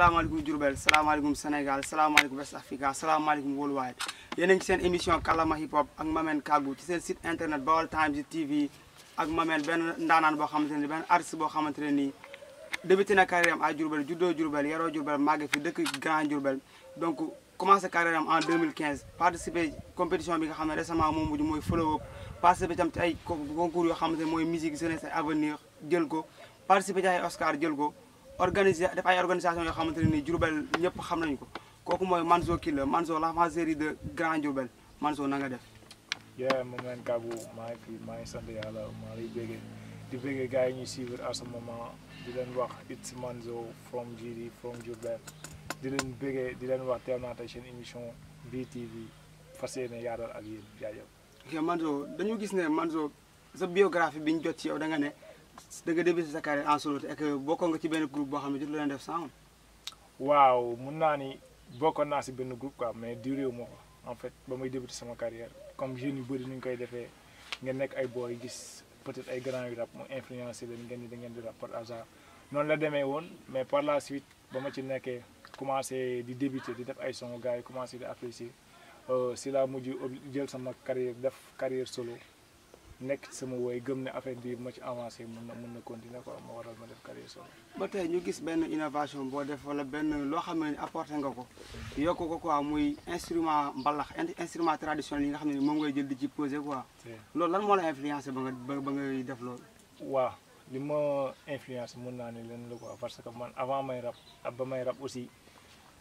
salaamaaleykum Diourbel salaamaaleykum Sénégal salaamaaleykum West Africa salaamaaleykum worldwide yéen a ngi seen émission kàllaama hip hop ak Mamel Kàggu ci seen site internet Baol Times TV ak Mamel benn ndaanaan boo xamante ne benn artiste boo xamante ne nii débuté na carrière am à Diourbel juddoo Diourbel yaroo Diourbel màgge fi dëkk Grand Diourbel donc commencé carrière am en 2015 participé compétition bi nga xam ne récemment moo mujj mooy follow up tam ci ay concours yoo xamante mooy musique jeunesse avenir jël ko participé ci ay Oscar jël ko organisé def ay organisation yoo xamante ne nii Diourbel ñëpp xam nañu ko kooku mooy Manzo Killa Manzo l'avancée de Grand Diourbel Manzo na nga def. yeah moom leen kàggu maa ngi fi maa ngi yàlla maa lay di bëggee gars yi ñuy suivre à ce moment di leen wax it's Manzo from GD from Diourbel di leen bëggee di leen wax teel naa tey seen émission BTV fas yéene yaatal yii yéen jaajëf. ok Manzo dañu gis ne Manzo sa biographie biñ jot ci yow da nga ne. dëgg débuté sa carrière en solo ak bokkoon nga ci benn groupe boo xam ne jot leen def sound. waaw mun naa ni bokkoon naa si benn groupe mais duré wu ma en fait ba may débuté sama carrière comme jeunes yu bëri ni ñu koy defee ngeen nekk ay boy gis peut-être ay grands yu rap mu leen ngeen ni da ngeen di rap par la demee woon mais par la suite ba ma ci nekkee commencé di débuté di def ay son gars yi commencé di apprécier euh, si laa mujj jël sama carrière def carrière solo. nekk ci sama woy gëm ne affaire bi ma ci avancé mën na mën na continuer quoi moo waral ma def carrière solo. ba tey ñu gis benn innovation boo def wala benn loo xam ne apporté nga ko yokk ko quoi muy instrument mbalax instrument traditionnel yi nga xam ne moom ngay jël di ci posé quoi. lan moo la influencé ba nga ba ngay def loolu. waaw li ma influence mën naa ne leen la ko parce que man avant may rap ab ba may rap aussi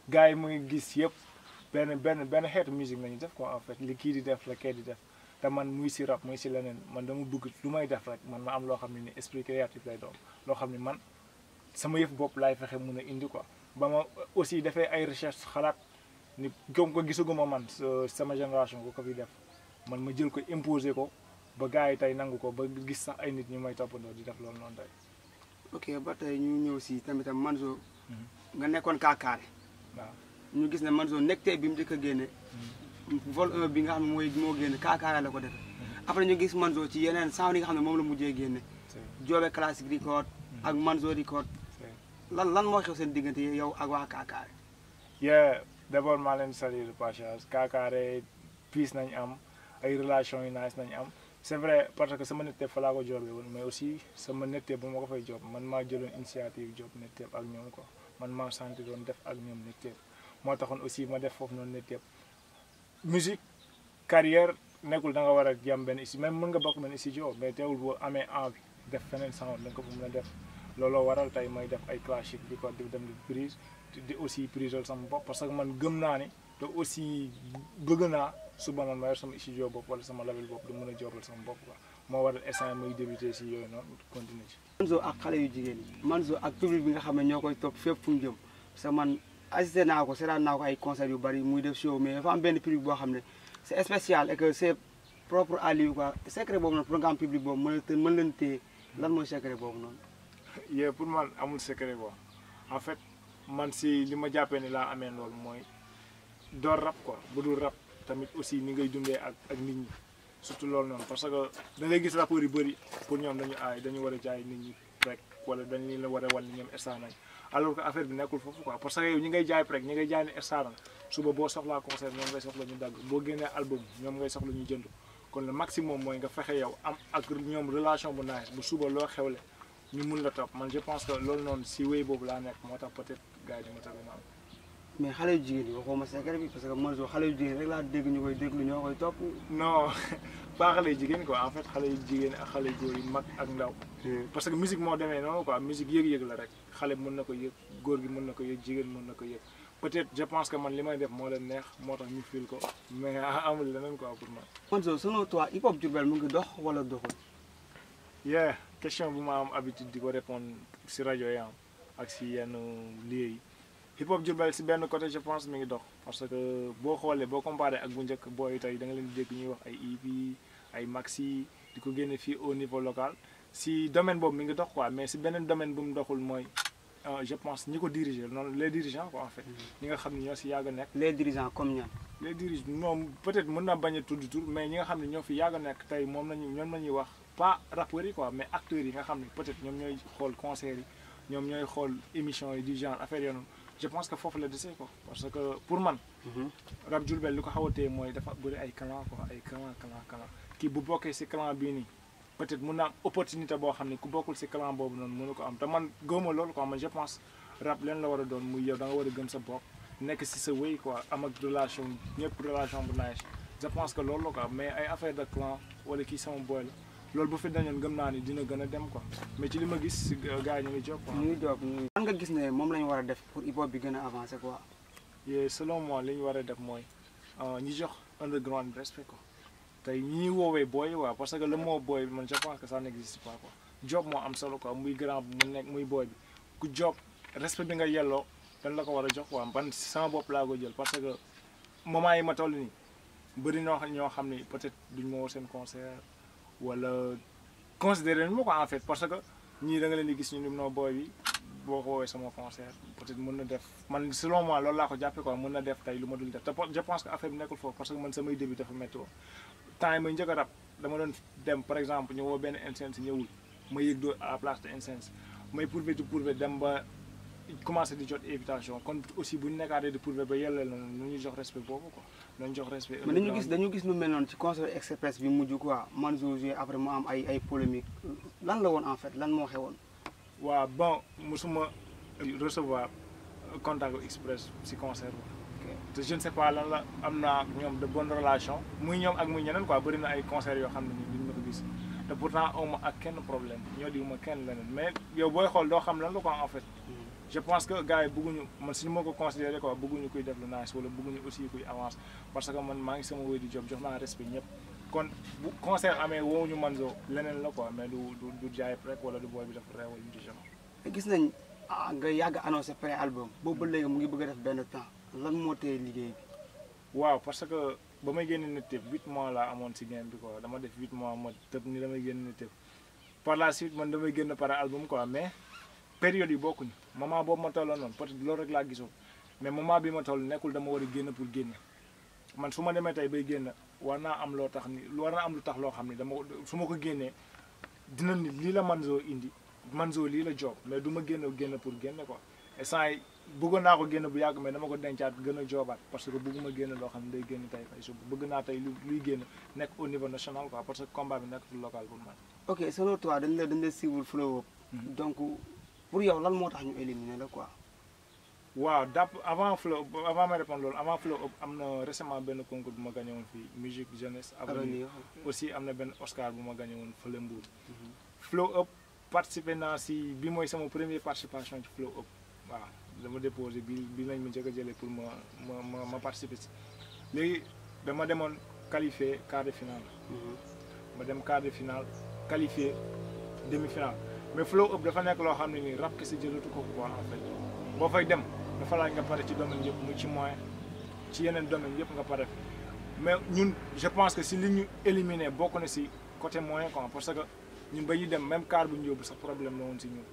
gars yi muy gis yëpp benn benn benn xeetu musique nañu def quoi en fait li kii di def la kee di def. te man muy si rab muy si leneen man dama bugg lu may def rek man ma am loo xam ne ni esprit créatif lay doon loo xam ne man sama yëf bopp laay fexe mun a indi ko ba ma aussi defee ay recherche xalaat ni comme ko gisaguma man sama génération ko ko fi def man ma jël ko imposer ko ba gars yi tey nangu ko ba gis sax ay nit ñu may toppandoo di def loolu noon tey. ok ba tey ñu ñëw si tamitam Manzo. Mhm. nga nekkoon Kaakaare. waaw ñu gis ne Manzo nekk tey bi mu njëkk a génne. Mhm. vol bi nga xam ne mooy moo génn kaakaara la ko defee après ñu gis Manzo ci yeneen saa yi nga xam ne moom la mujjee génne Joobe classic record ak man Manzo record lan lan moo xew seen diggante yow ak waa kaakaare yeah d'abord maa leen salir pachage kaakaare piis nañ am ay relation yu nice nañ am c'est vrai parce que sama nettee fa laa woon mais aussi sama nettee bu ma ko fay joob man maa jëloon initiative joob netteeb ak ñoom ko man maa senti doon def ak ñoom netteeb moo tax taxoon aussi moo def foofu noonu netteeb musique carrière nekkul da nga war a jam benn ici même mën nga bokk benn studio mais teewul boo amee envie def feneen sound da nga ko mën a def looloo waral tey may def ay classique di ko di dem di prise di aussi prisol sama bopp parce que man gëm naa ne te aussi bëgg naa suba man ma yor sama studio bopp wala sama label bopp di mën a joobal sama bopp quoi moo waral instant muy débuté si yooyu noonu continuer ci Manzo ak xale yu jigéen yi Manzo ak public bi nga xam ne ñoo koy topp fu mu jëm assisté naa ko seetaan naa ko ay concert yu bari muy def show mais dafa am benn public boo xam ne c'est spécial et que c'est propre à lui quoi secret boobu noonu pour nga am public boobu leen téye lan mooy secret boobu noonu. pour man amul secret quoi en fait man si li ma jàppee ni laa amee loolu mooy door rap quoi bu dul rap tamit aussi ni ngay dundee ak ak nit ñi surtout loolu noonu parce que da ngay gis rappeurs yu bëri pour ñoom dañu aay dañu war a jaay nit ñi. preg wala dañ leen war a ni ñoom instant nañ alors affaire bi nekkul foofu quoi parce que yow ñi ngay jaay preg ñi ngay jaay ne instant nañ suba boo soxlaa concert ñoom ngay soxla ñu dagg boo génnee album ñoom ngay soxla ñu jënd kon le maximum mooy nga fexe yow am ak ñoom relation bu nice bu suba ñu mun loolu noonu si wéy boobu laa nekk moo tax peut-être gars yi di ma tëgg mais xale yu jigéen yi waxuma secret bi parce que jigéen rek laa dégg ñu koy déglu ñoo koy topp. non pas xale yu jigéen quoi en fait xale yu jigéen ak xale yu góor yi mag ak ndaw. Hmm. parce que musique moo demee noonu quoi musique yëg-yëg la rek xale mën na ko yëg góor gi mën na ko yëg jigéen mën na ko yëg peut-être je pense que man li may def moo leen neex moo tax ñu fil ko mais amul leneen quoi pour man. man soo selon toi hip hop Diourbel mu ngi dox wala doxul. yeah question bu ma am habitude di ko répondre si rajo yi ak si yenn lieux hip hop Diourbel si benn côté je pense mi ngi dox parce que boo xoolee boo comparé ak bu njëkk booy tey da leen di dégg ñuy wax ay EP ay maxi di ko génne fii au niveau local si domaine boobu mi ngi dox quoi mais si beneen domaine bu mu doxul mooy euh, je pense ñi ko diriger noonu les dirigeants quoi en fait. Mm. ñi nga xam ne ñoo si yàgg nekk. les dirigeants comme ñan. les dirigeants moom peut-être mën naa bañ a tudd tur mais ñi nga xam ne ñoo fi yàgg a nekk tey moom nañu ñoom la ñuy wax pas rappeurs yi quoi mais acteurs yi nga xam ne peut-être ñoom ñooy xool concert yi ñoom ñooy xool émission yi du je pense que foofu la desee ko parce que pour man. Mhm. rab Diourbel li ko xaw a mooy dafa bëri ay clan quoi ay clan clan clan kii bu bokkee si boo xam ne ku bokkul si clan boobu noonu mënu ko am te man gëmuma loolu quoi man je a a gëm sa bopp nekk si sa wéy quoi am ak relation ñëpp relation bu nice je pense que loolu la quoi mais ay affaire de clan wala kii sama boy la loolu bu fi dañoon gëm naa ni dina gën a dem quoi mais ci li ma gis euh, gars yi ñu ngi nga gis ne moom la ñu war a def pour hip hop bi gën a avancer quoi. yee selon moi li ñu war a def mooy euh, ñi jox underground respect ko tey ñi woowee booy waaw parce que le moo booy bi man je pense que ça n'existe pas quoi job moo am solo quoi muy grand bi mu nekk muy booy bi ku job respect bi nga yelloo dañ la ko war a jox quoi ban sama bopp laa ko jël parce que moment yi ma toll nii bëri na ñoo xam ni peut-être duñ ma woo seen concert wala considéré nañ ma ko en fait parce que ñii da nga leen di gis ñu ni noo booy bi. boo ko woowee sama concert peut-être mën na def man selon moi loolu laa ko jàppee quoi mën na def tey lu ma dul def te pense que affaire bi nekkul foofu parce que man samay début dafa métti temps may njëkk a rab dem par exemple ñu woo benn incense ñëwul ma yëg doo à la di ba commencé di jot invitation kon aussi bu ñu nekkaatee di pourvé ba yàlla na ñu jox respect boobu quoi nañ jox respect. mais dañu gis dañu gis lu mel noonu ci concert express bi mujj quoi Manzo joué après mu am ay ay polémique lan woon en fait lan moo xewoon. waaw bon musuma recevoir contact express si concert te je ne sais pas lan la am naa ñoom de bonne relation muy ñoom ak muy ñeneen quoi bëri na ay concert yoo xam ne nii duñ ma ko gis te pourtant aw ak kenn problème ñoo di ma kenn leneen mais yow booy xool doo xam lan la quoi en fait hmm. je pense que gars yi man si ma ko considéré quoi bëgguñu kuy def lu nice wala bëgguñu aussi kuy avance parce que man maa ngi sama wéy di job jox naa respect ñëpp kon bu concert amee woo ñu man Manzo leneen la ko mais du du jaay rek wala du booy bi dafa réew wala du genre. gis nañ ah nga yàgg a annoncé pré album boobu ba léegi mu ngi bëgg a def benn temps lan moo téye liggéey bi. waawaaw parce que ba may génne nit tëb huit mois laa amoon si game bi def huit mois ma tëb ni damay génne nit tëb par la suite man damay génn par album quoi mais période yi bokkuñu moment boobu ma tolloon noonu peut-être loolu rek laa gisoon mais moment bi ma toll nekkul dama war a génn pour génne. man su ma demee tey bay génna war naa am loo tax ni war naa am lu tax loo xam ni dama ko su ma ko génnee dina ni lii la Manzo indi Manzo lii la joob mais duma ma génn génn pour génne ko instant yi bëggoon naa ko bu yàgg mais dama ko dencaat gën a joobaat parce que bëgguma génn loo xam ne day génn tey naa tey lu luy génn nekk au niveau national quoi parce que combat bi nekkatul local pour man. ok selon toi dañ la dañ la siiwul flow mhm. donc pour yow lan moo tax ñu éliminer la quoi. waaw dapp avant flow avant ma répondre loolu avant flow up na récemment benn concours bu ma gagné woon fii musique jeunesse avenir aussi am na benn Oscar bu ma gagné woon fële Mbour mhm. flow up participé naa si bi mooy sama première participation ci flow up waaw dama déposé bi bi lañ ma njëkk a jëlee pour ma ma ma ma participer si léegi dama demoon qualifié quart de finale mhm. ma dem quart de finale qualifié demi finale mais flow up dafa nekk loo xam ne nii rab kese jëlatu ko quoi en fait boo fay dem dafa laaj nga pare ci domaine yëpp mu ci moyen ci yeneen domaine yëpp nga pare mais ñun je pense que si li ñu éliminé bokk ne si côté moyen quoi parce que ñun ba ñuy dem même car bu ñu yóbbu sax problème la si ñun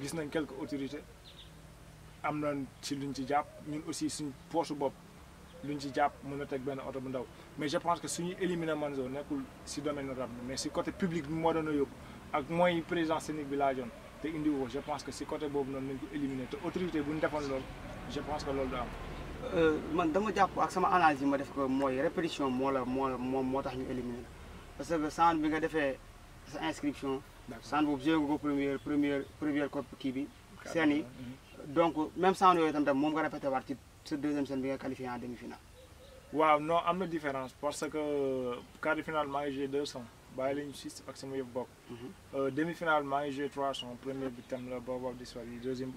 gis nañ quelques autorités am na si luñ ci jàpp ñun aussi suñ poosu bopp lu ñu ci jàpp mën a teg benn oto bu ndaw mais je pense que suñu éliminé Manzo nekkul si domaine rab mais si côté public bi moo doon a yóbbu ak mooy président Sénégal bi laa joon te indi woo je pense que si côté boobu noonu nañ ko éliminer te autorité bu ñu defoon loolu je pense que loolu du euh, man dama jàpp ak sama analyse ma def ko mooy répétition moo la moo la moom moo tax ñu éliminer parce que centre bi nga defee sa inscription. centre boobu joué ko première première première cop kii bi. seen yi mhm. donc même centre yooyu tam moom nga répété waat ci sa deuxième scène bi nga qualifié en demi-finale. waaw non am na différence parce que euh, quart de finale maa ngi bàyyi la ñu six ak sama yëf bokk. Mhm. Euh, demi finale maa ngi joué trois son premier bi tam la Baobab di bi aussi mhm.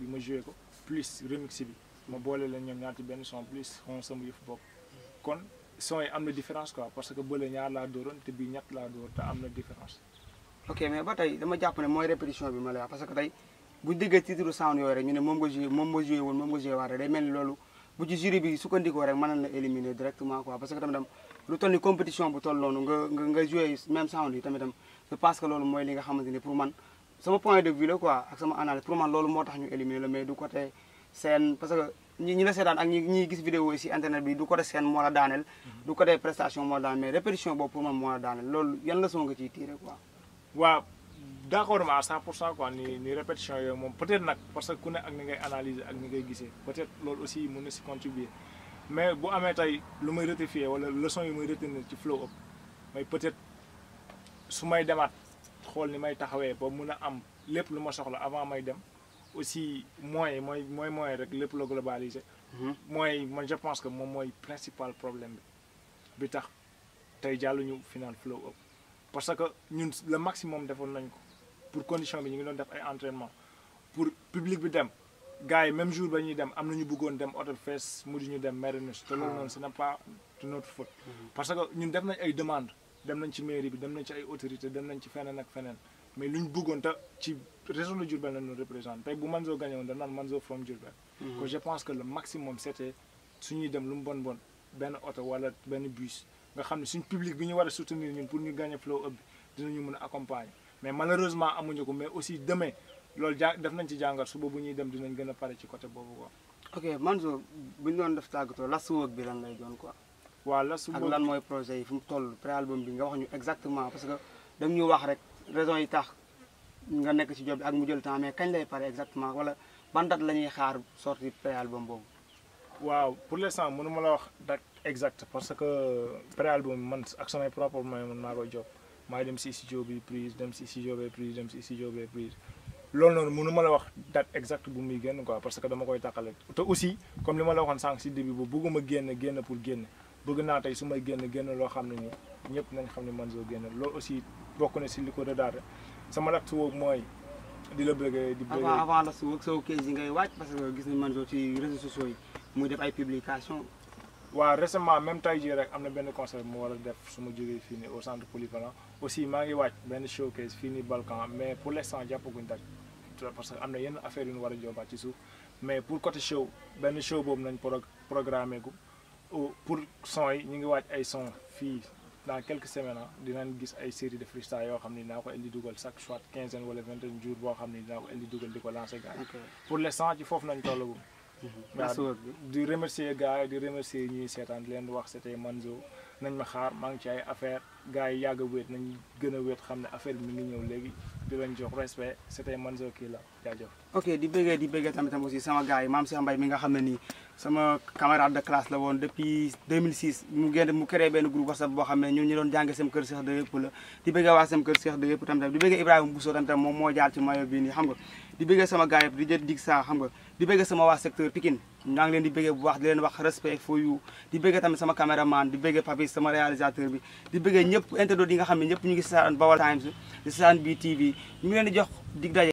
bi ma joué ko plus remix bi ma mhm. boole leen ñaati benn son plus xon sama yëf bokk kon son am na différence quoi parce que bële ñaar laa dóoroon te bii ñett laa dóor te am na différence. ok mais ba tey dama jàpp ne mooy répétition bi ma lay wax parce que tey bu ñu déggee titre sound yooyu rek ñu ne moom nga joué moom nga joué woon moom bu ci jury bi sukkandikoo rek mën na la éliminer directement quoi parce que tamit lu toll ni compétition bu toll noonu nga nga même sound tamitam je pense loolu mooy li nga xamante ni man sama point de vue la ak sama analyse pour man loolu moo tax ñu éliminer la mais du côté seen parce que ñi ñi la ak ñi ñiy gis vidéo si internet bi du côté seen moo la daaneel mhm. du côté prestation moo la daaneel mais répétition boobu pour man moo la daaneel d'accord ma à 100 pour cent quoi ni répétition yooyu moom peut-être nag parce que ku ne ak ni ngay analyser ak ni ngay gisee peut-être loolu aussi mën na si contribuer mais bu amee tey lu may rectifier wala leçon yi may retenir ci flow up mais peut-être su may demaat xool ni may taxawee ba mun a am lépp lu ma soxla avant may dem aussi moyen mooy mooy moyen rek lépp la globalisé. Mhm. mooy man je pense que moom mooy principal problème bi bi tax tey jàlluñu final flow parce que ñun le maximum defoon nañ ko. pour condition bi ñu ngi doon def ay entraînement pour public bi dem gars yi même jour ba ñuy dem am na ñu bëggoon dem hôtel fees mujj ñu dem mairie nu te loolu noonu ce n'est pas de notre parce que ñun def nañ ay demande dem nañ ci mairie bi dem nañ ci ay autorité dem nañ ci feneen ak feneen mais luñ bëggoon te ci région de Diourbel la ñu représente tey bu Manzo gagné woon dañ naan Manzo from Diourbel. Mhm. que je pense que le maximum c'était suñuy dem lu mu bon bon benn oto wala benn bus nga xam ne suñ public bi ñu war a pour ñu gagné flow up dinañu mën a accompagner. mais malheureusement amuñu ko mais aussi demain loolu ja def nañ ci jàngat suba bu ñuy dem dinañ gën a pare ci coté boobu quoi. ok Mansour bu ñu doon def tàggatoo last work bi lan lay doon quoi. waa last work ak lan mooy projet yi fu mu toll pré album bi nga wax ñu exactement parce que dañ ñuy wax rek raison yi tax nga nekk ci job bi ak mu jël temps mais kañ lay pare exactement wala ban date la ñuy xaar sorti pré album boobu. waaw pour l'instant mënu ma la wax date exacte parce que pré album man ak samay propre moyens man maa maay dem si studio bi prise dem si si studio bi prise loolu noonu mënu la wax date exacte bu muy génn quoi parce que dama koy tàqale te aussi comme li ma la waxoon sànq si début bu bëgguma génn génn pour génn bëgg naa tey su may génn génn loo xam ne ni ñëpp nañ xam ne man soo génn loolu aussi bokk na si li ko redaate sama lat su woog mooy di la bëggee di bëggee avant la su woog soo kees yi ngay wàcc parce que gis nañ man soo ci réseaux sociaux yi muy def ay waa récemment même tey jii rek am na benn concert mu war a def su ma jógee fii nii au centre polyvalent aussi maa ngi wàcc benn showcase fii nii Balkan mais pour l' instant jàppaguñ daj parce que am na yenn affaire yu ñu war a joobaat ci suuf mais pour côté show benn show boobu nañ pro programmé gu pour son ñu ngi wàcc ay son fii dans quelques semaines ah, dinañ gis ay série de freestyle yoo xam ni dinaa ko indi dugal chaque soit quinzaine wala vingtaine jours boo xam ni dinaa ko indi dugal di pour l' instant ci foofu nañ tollagum waaw mhm. di remercier gars yi di remercier ñuy seetaan di leen wax c'était Manzo nañ ma xaar maa ngi ci ay affaire gars yi yàgg a wéet nañ gën a wéet xam ne affaire bi mi ngi ñëw léegi di leen jox respect c'était Manzo kii la jaajëf ok di bëggee di bëggee tamit tam aussi sama gars maam Cheikh Mbaye mi nga xam ne nii sama camarade de classe la woon depuis 2006 mu génn mu créé benn groupe WhatsApp boo xam ne ñun ñu doon jànge sem kër Cheikh de yëpp la di bëggee waa sem kër Cheikh de yëpp tam di bëggee Papis sama réalisateur bi di bëggee ñëpp internautes yi nga xam ne ñëpp ñu ngi seetaan Baol Times di seetaan BTV ñu ngi leen di jox dig daje